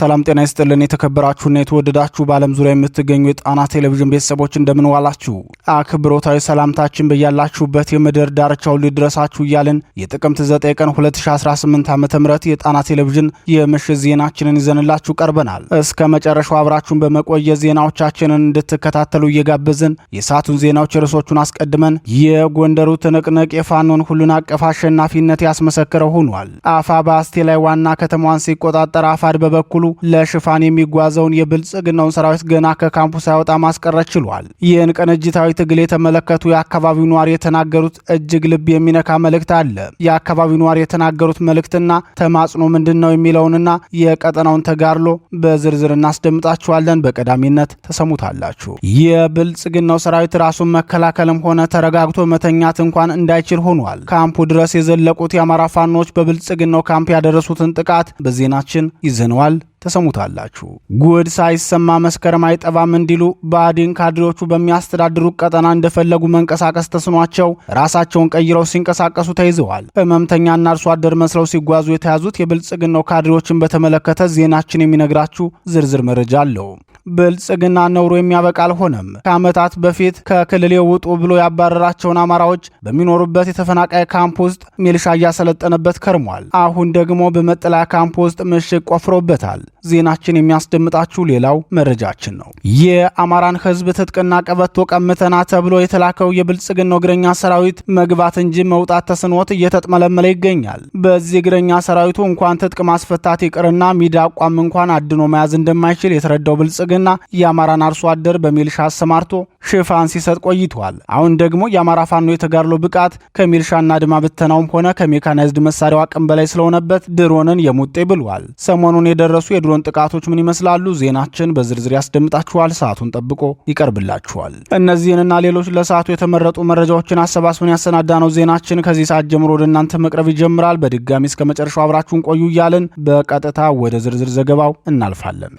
ሰላም ጤና ይስጥልን። የተከበራችሁና የተወደዳችሁ በዓለም ዙሪያ የምትገኙ የጣና ቴሌቪዥን ቤተሰቦች እንደምንዋላችሁ አክብሮታዊ ሰላምታችን በያላችሁበት የምድር ዳርቻ ሊድረሳችሁ እያልን የጥቅምት 9 ቀን 2018 ዓ ም የጣና ቴሌቪዥን የምሽት ዜናችንን ይዘንላችሁ ቀርበናል። እስከ መጨረሻው አብራችሁን በመቆየት ዜናዎቻችንን እንድትከታተሉ እየጋበዝን የሰዓቱን ዜናዎች ርዕሶቹን አስቀድመን የጎንደሩ ትንቅንቅ የፋኖን ሁሉን አቀፍ አሸናፊነት ያስመሰክረው ሆኗል። አፋ በአስቴ ላይ ዋና ከተማዋን ሲቆጣጠር አፋድ በበኩሉ ለሽፋን የሚጓዘውን የብልጽግናውን ሰራዊት ገና ከካምፑ ሳይወጣ ማስቀረት ችሏል። ይህን ቅንጅታዊ ትግል የተመለከቱ የአካባቢው ነዋሪ የተናገሩት እጅግ ልብ የሚነካ መልእክት አለ። የአካባቢው ነዋሪ የተናገሩት መልእክትና ተማጽኖ ምንድን ነው የሚለውንና የቀጠናውን ተጋድሎ በዝርዝር እናስደምጣችኋለን። በቀዳሚነት ተሰሙታላችሁ። የብልጽግናው ሰራዊት ራሱን መከላከልም ሆነ ተረጋግቶ መተኛት እንኳን እንዳይችል ሆኗል። ካምፑ ድረስ የዘለቁት የአማራ ፋኖች በብልጽግናው ካምፕ ያደረሱትን ጥቃት በዜናችን ይዘነዋል። ተሰሙታላችሁ። ጉድ ሳይሰማ መስከረም አይጠባም እንዲሉ ብአዴን ካድሬዎቹ በሚያስተዳድሩ ቀጠና እንደፈለጉ መንቀሳቀስ ተስኗቸው ራሳቸውን ቀይረው ሲንቀሳቀሱ ተይዘዋል። ህመምተኛና አርሶ አደር መስለው ሲጓዙ የተያዙት የብልጽግናው ካድሬዎችን በተመለከተ ዜናችን የሚነግራችሁ ዝርዝር መረጃ አለው። ብልጽግና ነውሩ የሚያበቃ አልሆነም። ከዓመታት በፊት ከክልሌ ውጡ ብሎ ያባረራቸውን አማራዎች በሚኖሩበት የተፈናቃይ ካምፕ ውስጥ ሚልሻ እያሰለጠነበት ከርሟል። አሁን ደግሞ በመጠለያ ካምፕ ውስጥ ምሽግ ቆፍሮበታል። ዜናችን የሚያስደምጣችሁ ሌላው መረጃችን ነው። የአማራን ህዝብ ትጥቅና ቀበቶ ቀምተና ተብሎ የተላከው የብልጽግናው እግረኛ ሰራዊት መግባት እንጂ መውጣት ተስኖት እየተጥመለመለ ይገኛል። በዚህ እግረኛ ሰራዊቱ እንኳን ትጥቅ ማስፈታት ይቅርና ሚዳቋም እንኳን አድኖ መያዝ እንደማይችል የተረዳው ብልጽግ ብልጽግና የአማራን አርሶ አደር በሚልሻ አሰማርቶ ሽፋን ሲሰጥ ቆይቷል። አሁን ደግሞ የአማራ ፋኖ የተጋድሎ ብቃት ከሚልሻና ድማ ብተናውም ሆነ ከሜካናይዝድ መሳሪያው አቅም በላይ ስለሆነበት ድሮንን የሙጤ ብሏል። ሰሞኑን የደረሱ የድሮን ጥቃቶች ምን ይመስላሉ? ዜናችን በዝርዝር ያስደምጣችኋል። ሰዓቱን ጠብቆ ይቀርብላችኋል። እነዚህንና ሌሎች ለሰዓቱ የተመረጡ መረጃዎችን አሰባስበን ያሰናዳነው ዜናችን ከዚህ ሰዓት ጀምሮ ወደ እናንተ መቅረብ ይጀምራል። በድጋሚ እስከ መጨረሻው አብራችሁን ቆዩ እያልን በቀጥታ ወደ ዝርዝር ዘገባው እናልፋለን።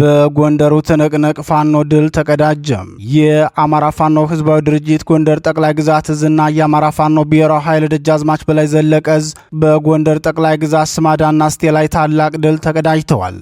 በጎንደሩ ትንቅንቅ ፋኖ ድል ተቀዳጀ። የአማራ ፋኖ ህዝባዊ ድርጅት ጎንደር ጠቅላይ ግዛት እዝና የአማራ ፋኖ ብሔራዊ ኃይል ደጃዝማች በላይ ዘለቀ እዝ በጎንደር ጠቅላይ ግዛት ስማዳና ስቴ ላይ ታላቅ ድል ተቀዳጅተዋል።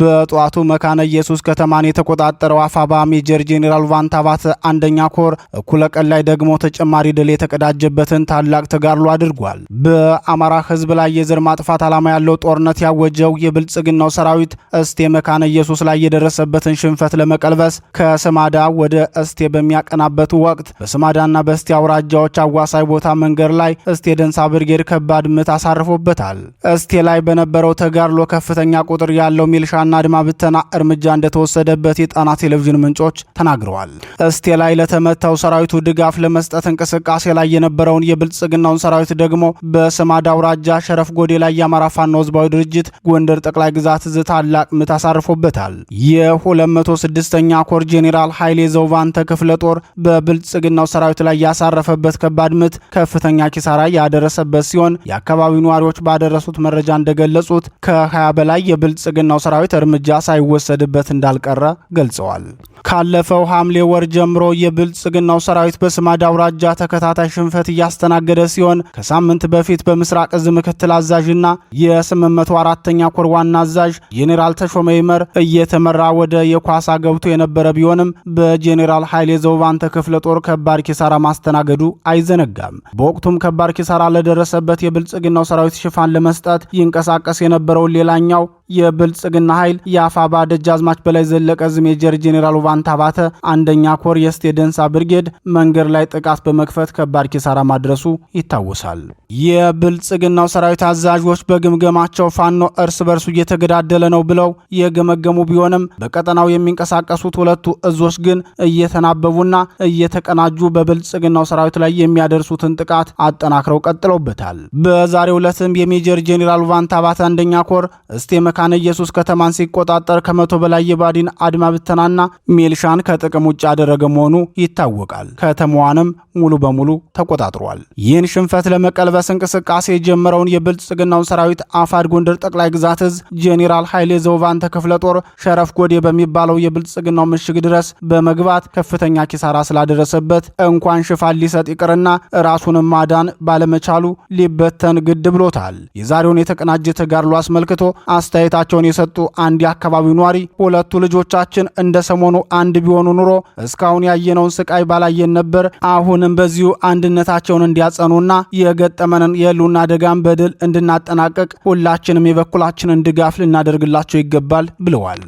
በጠዋቱ መካነ ኢየሱስ ከተማን የተቆጣጠረው አፋባ ሜጀር ጄኔራል ቫንታባት አንደኛ ኮር እኩለ ቀን ላይ ደግሞ ተጨማሪ ድል የተቀዳጀበትን ታላቅ ተጋድሎ አድርጓል። በአማራ ህዝብ ላይ የዘር ማጥፋት ዓላማ ያለው ጦርነት ያወጀው የብልጽግናው ሰራዊት እስቴ መካነ ኢየሱስ ላይ የደረሰበትን ሽንፈት ለመቀልበስ ከስማዳ ወደ እስቴ በሚያቀናበት ወቅት በስማዳና በእስቴ አውራጃዎች አዋሳኝ ቦታ መንገድ ላይ እስቴ ደንሳ ብርጌድ ከባድ ምት አሳርፎበታል። እስቴ ላይ በነበረው ተጋድሎ ከፍተኛ ቁጥር ያለው ሚልሻ የመጨረሻና አድማ ብተና እርምጃ እንደተወሰደበት የጣና ቴሌቪዥን ምንጮች ተናግረዋል። እስቴ ላይ ለተመታው ሰራዊቱ ድጋፍ ለመስጠት እንቅስቃሴ ላይ የነበረውን የብልጽግናውን ሰራዊት ደግሞ በስማዳ አውራጃ ሸረፍ ጎዴ ላይ የአማራ ፋኖ ህዝባዊ ድርጅት ጎንደር ጠቅላይ ግዛት እዝ ታላቅ ምት አሳርፎበታል። የ206ኛ ኮር ጄኔራል ኃይሌ ዘውቫንተ ክፍለ ጦር በብልጽግናው ሰራዊት ላይ ያሳረፈበት ከባድ ምት ከፍተኛ ኪሳራ ያደረሰበት ሲሆን የአካባቢው ነዋሪዎች ባደረሱት መረጃ እንደገለጹት ከ20 በላይ የብልጽግናው ሰራዊት ሰራዊት እርምጃ ሳይወሰድበት እንዳልቀረ ገልጸዋል። ካለፈው ሐምሌ ወር ጀምሮ የብልጽግናው ሰራዊት በስማድ አውራጃ ተከታታይ ሽንፈት እያስተናገደ ሲሆን ከሳምንት በፊት በምስራቅ እዝ ምክትል አዛዥና የ804ኛ ኮር ዋና አዛዥ ጄኔራል ተሾመ ይመር እየተመራ ወደ የኳሳ ገብቶ የነበረ ቢሆንም በጄኔራል ኃይሌ ዘውባንተ ክፍለ ጦር ከባድ ኪሳራ ማስተናገዱ አይዘነጋም። በወቅቱም ከባድ ኪሳራ ለደረሰበት የብልጽግናው ሰራዊት ሽፋን ለመስጠት ይንቀሳቀስ የነበረውን ሌላኛው የብልጽግና ኃይል የአፋባ ደጃዝማች በላይ ዘለቀ ሜጀር ጄኔራል ውባንታ ባተ አንደኛ ኮር የስቴደንሳ ብርጌድ መንገድ ላይ ጥቃት በመክፈት ከባድ ኪሳራ ማድረሱ ይታወሳል። የብልጽግናው ሰራዊት አዛዦች በግምገማቸው ፋኖ እርስ በርሱ እየተገዳደለ ነው ብለው የገመገሙ ቢሆንም በቀጠናው የሚንቀሳቀሱት ሁለቱ እዞች ግን እየተናበቡና እየተቀናጁ በብልጽግናው ሰራዊት ላይ የሚያደርሱትን ጥቃት አጠናክረው ቀጥለውበታል። በዛሬው ዕለትም የሜጀር ጄኔራል ውባንታ ባተ አንደኛ ኮር እስቴ መካነ ኢየሱስ ከተማን ሲቆጣጠር ከመቶ በላይ የባዲን አድማ ብተናና ሚልሻን ከጥቅም ውጭ ያደረገ መሆኑ ይታወቃል። ከተማዋንም ሙሉ በሙሉ ተቆጣጥሯል። ይህን ሽንፈት ለመቀልበስ እንቅስቃሴ የጀመረውን የብልጽግናውን ሰራዊት አፋድ ጎንደር ጠቅላይ ግዛት እዝ ጄኔራል ኃይሌ ዘውቫንተ ክፍለ ጦር ሸረፍ ጎዴ በሚባለው የብልጽግናው ምሽግ ድረስ በመግባት ከፍተኛ ኪሳራ ስላደረሰበት እንኳን ሽፋን ሊሰጥ ይቅርና ራሱንም ማዳን ባለመቻሉ ሊበተን ግድ ብሎታል። የዛሬውን የተቀናጀ ተጋድሎ አስመልክቶ አስተያየ አስተያየታቸውን የሰጡ አንድ የአካባቢው ነዋሪ ሁለቱ ልጆቻችን እንደ ሰሞኑ አንድ ቢሆኑ ኑሮ እስካሁን ያየነውን ስቃይ ባላየን ነበር። አሁንም በዚሁ አንድነታቸውን እንዲያጸኑና የገጠመንን የህልውና አደጋን በድል እንድናጠናቀቅ ሁላችንም የበኩላችንን ድጋፍ ልናደርግላቸው ይገባል ብለዋል።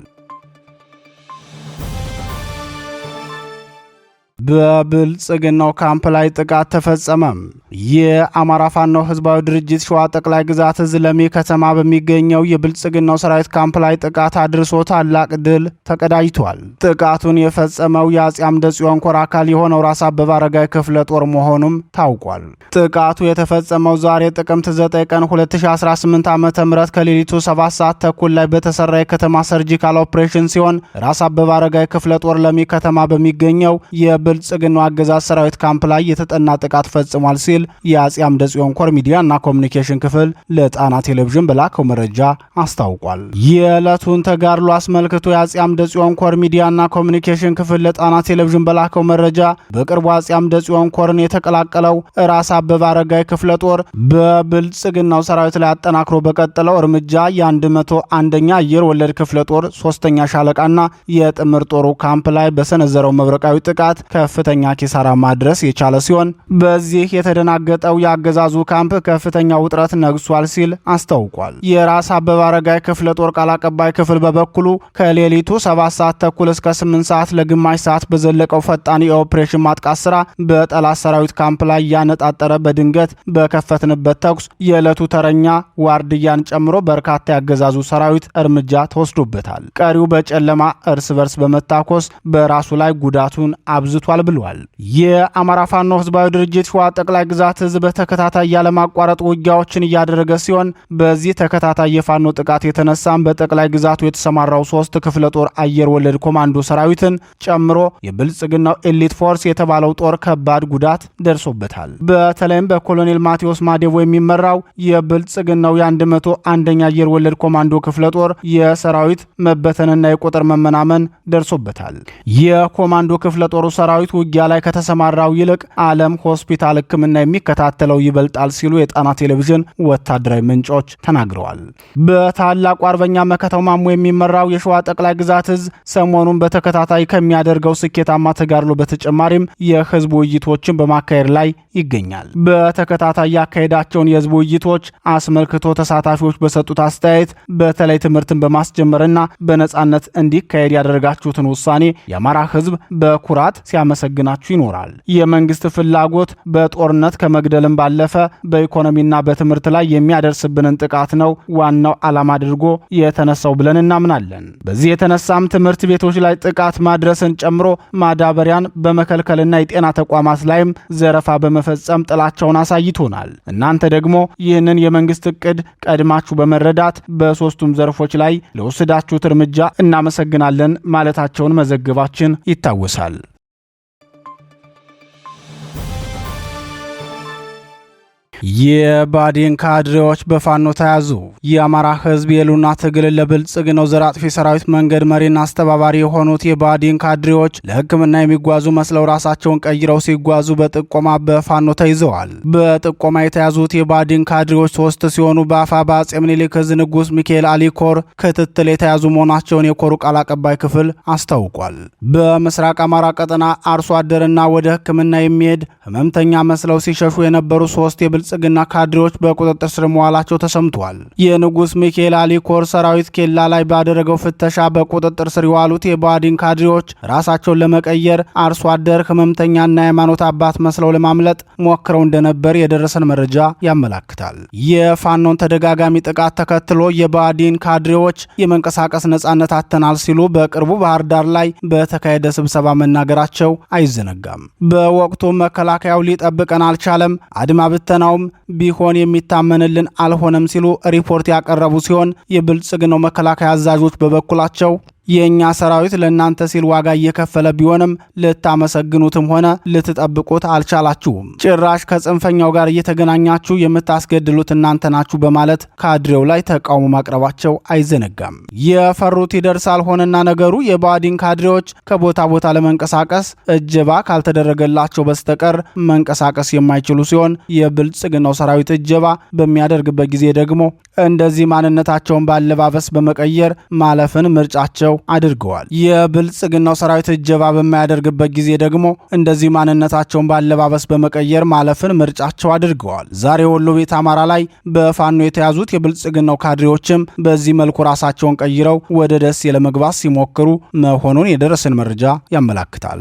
በብልጽግናው ካምፕ ላይ ጥቃት ተፈጸመ። የአማራ ፋኖ ህዝባዊ ድርጅት ሸዋ ጠቅላይ ግዛት እዝ ለሚ ከተማ በሚገኘው የብልጽግናው ሰራዊት ካምፕ ላይ ጥቃት አድርሶ ታላቅ ድል ተቀዳጅቷል። ጥቃቱን የፈጸመው የአጼ አምደ ጽዮን ኮር አካል የሆነው ራስ አበበ አረጋይ ክፍለ ጦር መሆኑም ታውቋል። ጥቃቱ የተፈጸመው ዛሬ ጥቅምት 9 ቀን 2018 ዓ ም ከሌሊቱ 7 ሰዓት ተኩል ላይ በተሰራ የከተማ ሰርጂካል ኦፕሬሽን ሲሆን ራስ አበበ አረጋይ ክፍለ ጦር ለሚ ከተማ በሚገኘው ብልጽግናው አገዛዝ ሰራዊት ካምፕ ላይ የተጠና ጥቃት ፈጽሟል ሲል የአጼ አምደ ጽዮን ኮር ሚዲያና ኮሚኒኬሽን ክፍል ለጣና ቴሌቪዥን በላከው መረጃ አስታውቋል። የዕለቱን ተጋድሎ አስመልክቶ የአጼ አምደ ጽዮን ኮር ሚዲያና ኮሚኒኬሽን ክፍል ለጣና ቴሌቪዥን በላከው መረጃ በቅርቡ አጼ አምደ ጽዮን ኮርን የተቀላቀለው ራስ አበበ አረጋይ ክፍለ ጦር በብልጽግናው ሰራዊት ላይ አጠናክሮ በቀጠለው እርምጃ የአንድ መቶ አንደኛ አየር ወለድ ክፍለ ጦር ሶስተኛ ሻለቃና የጥምር ጦሩ ካምፕ ላይ በሰነዘረው መብረቃዊ ጥቃት ከፍተኛ ኪሳራ ማድረስ የቻለ ሲሆን በዚህ የተደናገጠው የአገዛዙ ካምፕ ከፍተኛ ውጥረት ነግሷል ሲል አስታውቋል። የራስ አበበ አረጋይ ክፍለ ጦር ቃል አቀባይ ክፍል በበኩሉ ከሌሊቱ 7 ሰዓት ተኩል እስከ 8 ሰዓት ለግማሽ ሰዓት በዘለቀው ፈጣን የኦፕሬሽን ማጥቃት ስራ በጠላት ሰራዊት ካምፕ ላይ ያነጣጠረ በድንገት በከፈትንበት ተኩስ የዕለቱ ተረኛ ዋርድያን ጨምሮ በርካታ ያገዛዙ ሰራዊት እርምጃ ተወስዶበታል። ቀሪው በጨለማ እርስ በርስ በመታኮስ በራሱ ላይ ጉዳቱን አብዝቶ ተዘጋጅቷል ብለዋል። የአማራ ፋኖ ህዝባዊ ድርጅት ሸዋ ጠቅላይ ግዛት ህዝብ በተከታታይ ያለማቋረጥ ውጊያዎችን እያደረገ ሲሆን በዚህ ተከታታይ የፋኖ ጥቃት የተነሳም በጠቅላይ ግዛቱ የተሰማራው ሶስት ክፍለ ጦር አየር ወለድ ኮማንዶ ሰራዊትን ጨምሮ የብልጽግናው ኤሊት ፎርስ የተባለው ጦር ከባድ ጉዳት ደርሶበታል። በተለይም በኮሎኔል ማቴዎስ ማዴቦ የሚመራው የብልጽግናው የ101ኛ አየር ወለድ ኮማንዶ ክፍለ ጦር የሰራዊት መበተንና የቁጥር መመናመን ደርሶበታል። የኮማንዶ ክፍለ ጦሩ ሰራዊት ሰራዊት ውጊያ ላይ ከተሰማራው ይልቅ ዓለም ሆስፒታል ሕክምና የሚከታተለው ይበልጣል ሲሉ የጣና ቴሌቪዥን ወታደራዊ ምንጮች ተናግረዋል። በታላቁ አርበኛ መከተው ማሞ የሚመራው የሸዋ ጠቅላይ ግዛት እዝ ሰሞኑን በተከታታይ ከሚያደርገው ስኬታማ ተጋድሎ በተጨማሪም የህዝብ ውይይቶችን በማካሄድ ላይ ይገኛል። በተከታታይ ያካሄዳቸውን የህዝብ ውይይቶች አስመልክቶ ተሳታፊዎች በሰጡት አስተያየት በተለይ ትምህርትን በማስጀመርና በነጻነት እንዲካሄድ ያደረጋችሁትን ውሳኔ የአማራ ህዝብ በኩራት ሲያ ሊያመሰግናችሁ ይኖራል። የመንግስት ፍላጎት በጦርነት ከመግደልም ባለፈ በኢኮኖሚና በትምህርት ላይ የሚያደርስብንን ጥቃት ነው ዋናው ዓላማ አድርጎ የተነሳው ብለን እናምናለን። በዚህ የተነሳም ትምህርት ቤቶች ላይ ጥቃት ማድረስን ጨምሮ ማዳበሪያን በመከልከልና የጤና ተቋማት ላይም ዘረፋ በመፈጸም ጥላቻውን አሳይቶናል። እናንተ ደግሞ ይህንን የመንግስት እቅድ ቀድማችሁ በመረዳት በሶስቱም ዘርፎች ላይ ለወሰዳችሁት እርምጃ እናመሰግናለን ማለታቸውን መዘግባችን ይታወሳል። የባዴን ካድሬዎች በፋኖ ተያዙ። የአማራ ህዝብ የሉና ትግል ለብልጽግናው ዘር አጥፊ ሰራዊት መንገድ መሪና አስተባባሪ የሆኑት የባዴን ካድሬዎች ለህክምና የሚጓዙ መስለው ራሳቸውን ቀይረው ሲጓዙ በጥቆማ በፋኖ ተይዘዋል። በጥቆማ የተያዙት የባዴን ካድሬዎች ሶስት ሲሆኑ በአፋ በአጼ ምኒልክ ህዝ ንጉስ ሚካኤል አሊ ኮር ክትትል የተያዙ መሆናቸውን የኮሩ ቃል አቀባይ ክፍል አስታውቋል። በምስራቅ አማራ ቀጠና አርሶ አደርና ወደ ህክምና የሚሄድ ህመምተኛ መስለው ሲሸሹ የነበሩ ሶስት የብል የብልጽግና ካድሬዎች በቁጥጥር ስር መዋላቸው ተሰምቷል። የንጉስ ሚካኤል አሊ ኮር ሰራዊት ኬላ ላይ ባደረገው ፍተሻ በቁጥጥር ስር የዋሉት የባዲን ካድሬዎች ራሳቸውን ለመቀየር አርሶ አደር ህመምተኛና ሃይማኖት አባት መስለው ለማምለጥ ሞክረው እንደነበር የደረሰን መረጃ ያመላክታል። የፋኖን ተደጋጋሚ ጥቃት ተከትሎ የባዲን ካድሬዎች የመንቀሳቀስ ነጻነት አተናል ሲሉ በቅርቡ ባህር ዳር ላይ በተካሄደ ስብሰባ መናገራቸው አይዘነጋም። በወቅቱ መከላከያው ሊጠብቀን አልቻለም፣ አድማ ብተናው ለማንኛውም ቢሆን የሚታመንልን አልሆነም ሲሉ ሪፖርት ያቀረቡ ሲሆን የብልጽግናው መከላከያ አዛዦች በበኩላቸው የእኛ ሰራዊት ለእናንተ ሲል ዋጋ እየከፈለ ቢሆንም ልታመሰግኑትም ሆነ ልትጠብቁት አልቻላችሁም። ጭራሽ ከጽንፈኛው ጋር እየተገናኛችሁ የምታስገድሉት እናንተ ናችሁ በማለት ካድሬው ላይ ተቃውሞ ማቅረባቸው አይዘነጋም። የፈሩት ይደርሳል ሆነና ነገሩ የባዲን ካድሬዎች ከቦታ ቦታ ለመንቀሳቀስ እጀባ ካልተደረገላቸው በስተቀር መንቀሳቀስ የማይችሉ ሲሆን የብልጽግናው ሰራዊት እጀባ በሚያደርግበት ጊዜ ደግሞ እንደዚህ ማንነታቸውን ባለባበስ በመቀየር ማለፍን ምርጫቸው አድርገዋል። የብልጽግናው ሰራዊት እጀባ በማያደርግበት ጊዜ ደግሞ እንደዚህ ማንነታቸውን ባለባበስ በመቀየር ማለፍን ምርጫቸው አድርገዋል። ዛሬ ወሎ ቤት አማራ ላይ በፋኖ የተያዙት የብልጽግናው ካድሬዎችም በዚህ መልኩ ራሳቸውን ቀይረው ወደ ደሴ ለመግባት ሲሞክሩ መሆኑን የደረሰን መረጃ ያመላክታል።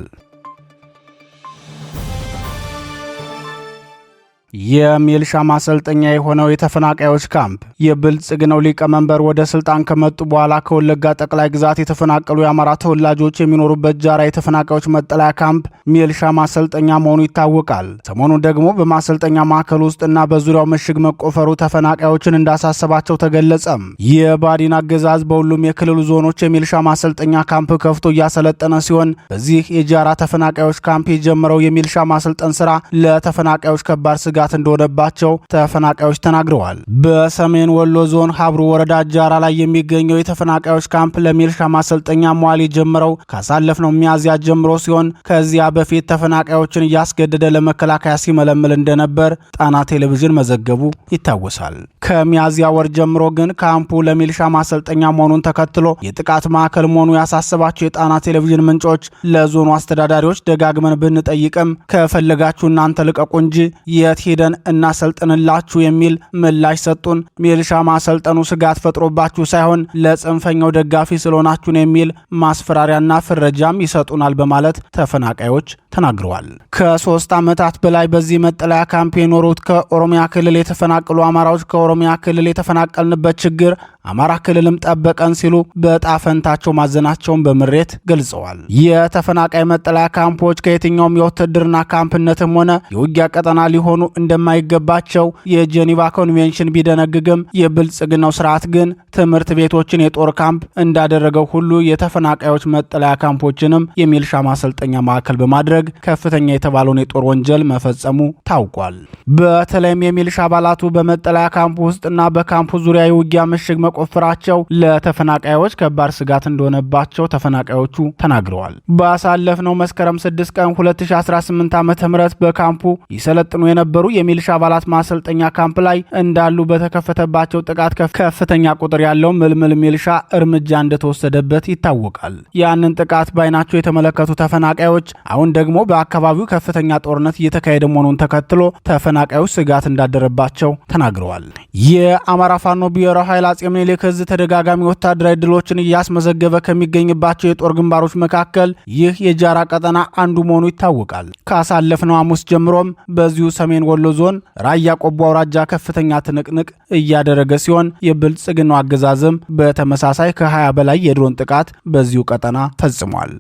የሚልሻ ማሰልጠኛ የሆነው የተፈናቃዮች ካምፕ የብልጽግናው ሊቀመንበር ወደ ስልጣን ከመጡ በኋላ ከወለጋ ጠቅላይ ግዛት የተፈናቀሉ የአማራ ተወላጆች የሚኖሩበት ጃራ የተፈናቃዮች መጠለያ ካምፕ ሚልሻ ማሰልጠኛ መሆኑ ይታወቃል። ሰሞኑን ደግሞ በማሰልጠኛ ማዕከል ውስጥና በዙሪያው ምሽግ መቆፈሩ ተፈናቃዮችን እንዳሳሰባቸው ተገለጸም። የባዲን አገዛዝ በሁሉም የክልሉ ዞኖች የሚልሻ ማሰልጠኛ ካምፕ ከፍቶ እያሰለጠነ ሲሆን በዚህ የጃራ ተፈናቃዮች ካምፕ የጀመረው የሚልሻ ማሰልጠን ስራ ለተፈናቃዮች ከባድ ስጋት ጉዳት እንደሆነባቸው ተፈናቃዮች ተናግረዋል። በሰሜን ወሎ ዞን ሀብሩ ወረዳ ጃራ ላይ የሚገኘው የተፈናቃዮች ካምፕ ለሚልሻ ማሰልጠኛ መዋል የጀመረው ካሳለፍነው ሚያዝያ ጀምሮ ሲሆን ከዚያ በፊት ተፈናቃዮችን እያስገደደ ለመከላከያ ሲመለምል እንደነበር ጣና ቴሌቪዥን መዘገቡ ይታወሳል። ከሚያዝያ ወር ጀምሮ ግን ካምፑ ለሚልሻ ማሰልጠኛ መሆኑን ተከትሎ የጥቃት ማዕከል መሆኑ ያሳሰባቸው የጣና ቴሌቪዥን ምንጮች ለዞኑ አስተዳዳሪዎች ደጋግመን ብንጠይቅም ከፈለጋችሁ እናንተ ልቀቁ እንጂ የት ሂደን እናሰልጥንላችሁ የሚል ምላሽ ሰጡን። ሚልሻ ማሰልጠኑ ስጋት ፈጥሮባችሁ ሳይሆን ለጽንፈኛው ደጋፊ ስለሆናችሁን የሚል ማስፈራሪያና ፍረጃም ይሰጡናል በማለት ተፈናቃዮች ተናግረዋል። ከሶስት ዓመታት በላይ በዚህ መጠለያ ካምፕ የኖሩት ከኦሮሚያ ክልል የተፈናቀሉ አማራዎች ከኦሮሚያ ክልል የተፈናቀልንበት ችግር አማራ ክልልም ጠበቀን ሲሉ በጣፈንታቸው ማዘናቸውን በምሬት ገልጸዋል። የተፈናቃይ መጠለያ ካምፖች ከየትኛውም የውትድርና ካምፕነትም ሆነ የውጊያ ቀጠና ሊሆኑ እንደማይገባቸው የጄኔቫ ኮንቬንሽን ቢደነግግም የብልጽግናው ስርዓት ግን ትምህርት ቤቶችን የጦር ካምፕ እንዳደረገው ሁሉ የተፈናቃዮች መጠለያ ካምፖችንም የሚልሻ ማሰልጠኛ ማዕከል በማድረግ ከፍተኛ የተባለውን የጦር ወንጀል መፈጸሙ ታውቋል። በተለይም የሚልሻ አባላቱ በመጠለያ ካምፕ ውስጥና በካምፑ ዙሪያ የውጊያ ምሽግ መቆፈራቸው ለተፈናቃዮች ከባድ ስጋት እንደሆነባቸው ተፈናቃዮቹ ተናግረዋል። ባሳለፍነው መስከረም 6 ቀን 2018 ዓ ም በካምፑ ይሰለጥኑ የነበሩ በነበሩ የሚሊሻ አባላት ማሰልጠኛ ካምፕ ላይ እንዳሉ በተከፈተባቸው ጥቃት ከፍተኛ ቁጥር ያለው ምልምል ሚሊሻ እርምጃ እንደተወሰደበት ይታወቃል። ያንን ጥቃት ባይናቸው የተመለከቱ ተፈናቃዮች አሁን ደግሞ በአካባቢው ከፍተኛ ጦርነት እየተካሄደ መሆኑን ተከትሎ ተፈናቃዮች ስጋት እንዳደረባቸው ተናግረዋል። የአማራ ፋኖ ብሔራዊ ኃይል አጼ ምኒልክ እዝ ተደጋጋሚ ወታደራዊ ድሎችን እያስመዘገበ ከሚገኝባቸው የጦር ግንባሮች መካከል ይህ የጃራ ቀጠና አንዱ መሆኑ ይታወቃል። ካሳለፍነው ሐሙስ ጀምሮም በዚሁ ሰሜን ወሎ ዞን ራያ ቆቦ አውራጃ ከፍተኛ ትንቅንቅ እያደረገ ሲሆን የብልጽግናው አገዛዝም በተመሳሳይ ከ20 በላይ የድሮን ጥቃት በዚሁ ቀጠና ፈጽሟል።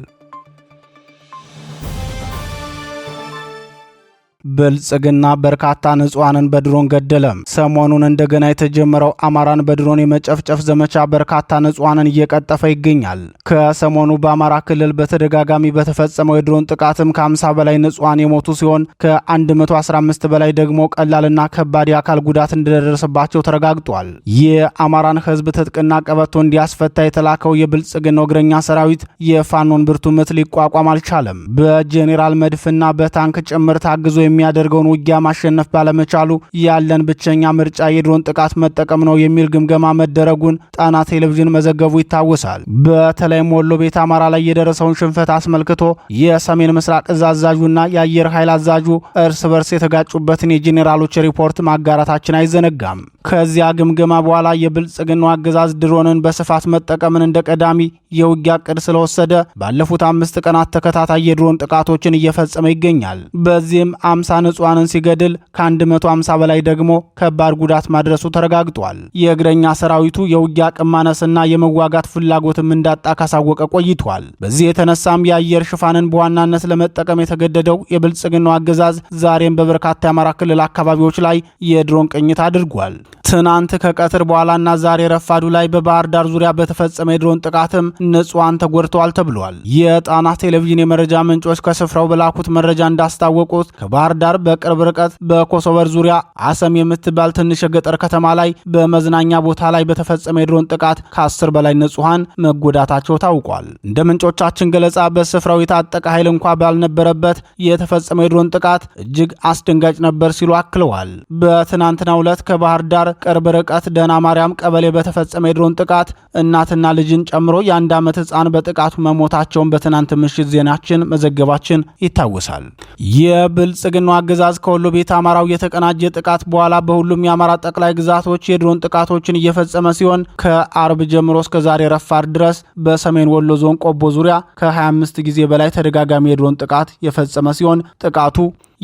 ብልጽግና በርካታ ንጹሐንን በድሮን ገደለም። ሰሞኑን እንደገና የተጀመረው አማራን በድሮን የመጨፍጨፍ ዘመቻ በርካታ ንጹሐንን እየቀጠፈ ይገኛል። ከሰሞኑ በአማራ ክልል በተደጋጋሚ በተፈጸመው የድሮን ጥቃትም ከ50 በላይ ንጹሐን የሞቱ ሲሆን ከ115 በላይ ደግሞ ቀላልና ከባድ የአካል ጉዳት እንደደረሰባቸው ተረጋግጧል። የአማራን ሕዝብ ትጥቅና ቀበቶ እንዲያስፈታ የተላከው የብልጽግናው እግረኛ ሰራዊት የፋኖን ብርቱ ምት ሊቋቋም አልቻለም። በጄኔራል መድፍና በታንክ ጭምር ታግዞ የሚያደርገውን ውጊያ ማሸነፍ ባለመቻሉ ያለን ብቸኛ ምርጫ የድሮን ጥቃት መጠቀም ነው የሚል ግምገማ መደረጉን ጣና ቴሌቪዥን መዘገቡ ይታወሳል። በተለይም ወሎ ቤት አማራ ላይ የደረሰውን ሽንፈት አስመልክቶ የሰሜን ምስራቅ እዝ አዛዡና የአየር ኃይል አዛዡ እርስ በርስ የተጋጩበትን የጄኔራሎች ሪፖርት ማጋራታችን አይዘነጋም። ከዚያ ግምገማ በኋላ የብልጽግናው አገዛዝ ድሮንን በስፋት መጠቀምን እንደ ቀዳሚ የውጊያ እቅድ ስለወሰደ ባለፉት አምስት ቀናት ተከታታይ የድሮን ጥቃቶችን እየፈጸመ ይገኛል። በዚህም 50 ንጹሐንን ሲገድል ከ150 በላይ ደግሞ ከባድ ጉዳት ማድረሱ ተረጋግጧል። የእግረኛ ሰራዊቱ የውጊያ አቅም ማነስና የመዋጋት ፍላጎትም እንዳጣ ካሳወቀ ቆይቷል። በዚህ የተነሳም የአየር ሽፋንን በዋናነት ለመጠቀም የተገደደው የብልጽግናው አገዛዝ ዛሬም በበርካታ የአማራ ክልል አካባቢዎች ላይ የድሮን ቅኝት አድርጓል። ትናንት ከቀትር በኋላና ዛሬ ረፋዱ ላይ በባህር ዳር ዙሪያ በተፈጸመ የድሮን ጥቃትም ንጹሐን ተጎድተዋል ተብሏል። የጣና ቴሌቪዥን የመረጃ ምንጮች ከስፍራው በላኩት መረጃ እንዳስታወቁት ከባህር ዳር በቅርብ ርቀት በኮሶበር ዙሪያ አሰም የምትባል ትንሽ የገጠር ከተማ ላይ በመዝናኛ ቦታ ላይ በተፈጸመ የድሮን ጥቃት ከአስር በላይ ንጹሐን መጎዳታቸው ታውቋል። እንደ ምንጮቻችን ገለጻ በስፍራው የታጠቀ ኃይል እንኳ ባልነበረበት የተፈጸመ የድሮን ጥቃት እጅግ አስደንጋጭ ነበር ሲሉ አክለዋል። በትናንትናው ዕለት ከባህር ዳር ቅርብ ርቀት ደህና ማርያም ቀበሌ በተፈጸመ የድሮን ጥቃት እናትና ልጅን ጨምሮ የአንድ ዓመት ህፃን በጥቃቱ መሞታቸውን በትናንት ምሽት ዜናችን መዘገባችን ይታወሳል። የብልጽግና የፋኖ አገዛዝ ከወሎ ቤት አማራው የተቀናጀ ጥቃት በኋላ በሁሉም የአማራ ጠቅላይ ግዛቶች የድሮን ጥቃቶችን እየፈጸመ ሲሆን ከአርብ ጀምሮ እስከ ዛሬ ረፋድ ድረስ በሰሜን ወሎ ዞን ቆቦ ዙሪያ ከ25 ጊዜ በላይ ተደጋጋሚ የድሮን ጥቃት የፈጸመ ሲሆን ጥቃቱ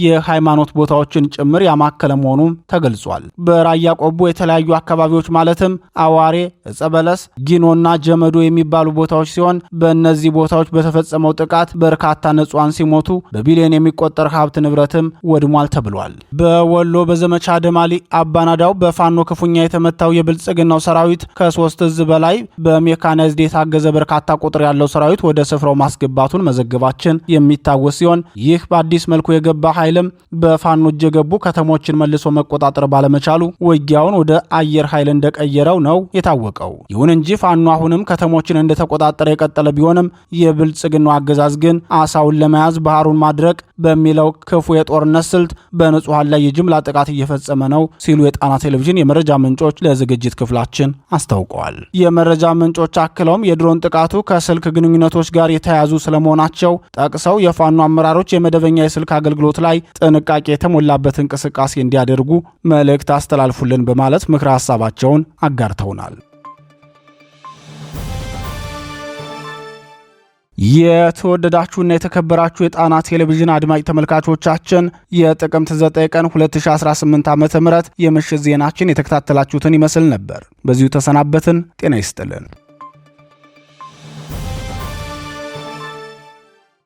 የሃይማኖት ቦታዎችን ጭምር ያማከለ መሆኑም ተገልጿል። በራያ ቆቦ የተለያዩ አካባቢዎች ማለትም አዋሬ፣ እጸበለስ፣ ጊኖና ጀመዶ የሚባሉ ቦታዎች ሲሆን በእነዚህ ቦታዎች በተፈጸመው ጥቃት በርካታ ንጹሐን ሲሞቱ በቢሊዮን የሚቆጠር ሀብት ንብረትም ወድሟል ተብሏል። በወሎ በዘመቻ ደማሊ አባናዳው በፋኖ ክፉኛ የተመታው የብልጽግናው ሰራዊት ከሶስት እዝ በላይ በሜካናይዝድ የታገዘ በርካታ ቁጥር ያለው ሰራዊት ወደ ስፍራው ማስገባቱን መዘገባችን የሚታወስ ሲሆን ይህ በአዲስ መልኩ የገባ ኃይልም በፋኖ እጅ የገቡ ከተሞችን መልሶ መቆጣጠር ባለመቻሉ ውጊያውን ወደ አየር ኃይል እንደቀየረው ነው የታወቀው። ይሁን እንጂ ፋኖ አሁንም ከተሞችን እንደተቆጣጠረ የቀጠለ ቢሆንም የብልጽግናው አገዛዝ ግን አሳውን ለመያዝ ባህሩን ማድረቅ በሚለው ክፉ የጦርነት ስልት በንጹሐን ላይ የጅምላ ጥቃት እየፈጸመ ነው ሲሉ የጣና ቴሌቪዥን የመረጃ ምንጮች ለዝግጅት ክፍላችን አስታውቀዋል። የመረጃ ምንጮች አክለውም የድሮን ጥቃቱ ከስልክ ግንኙነቶች ጋር የተያያዙ ስለመሆናቸው ጠቅሰው የፋኖ አመራሮች የመደበኛ የስልክ አገልግሎት ላይ ጥንቃቄ የተሞላበት እንቅስቃሴ እንዲያደርጉ መልእክት አስተላልፉልን በማለት ምክረ ሀሳባቸውን አጋርተውናል። የተወደዳችሁና የተከበራችሁ የጣና ቴሌቪዥን አድማጭ ተመልካቾቻችን የጥቅምት 9 ቀን 2018 ዓ ም የምሽት ዜናችን የተከታተላችሁትን ይመስል ነበር። በዚሁ ተሰናበትን። ጤና ይስጥልን።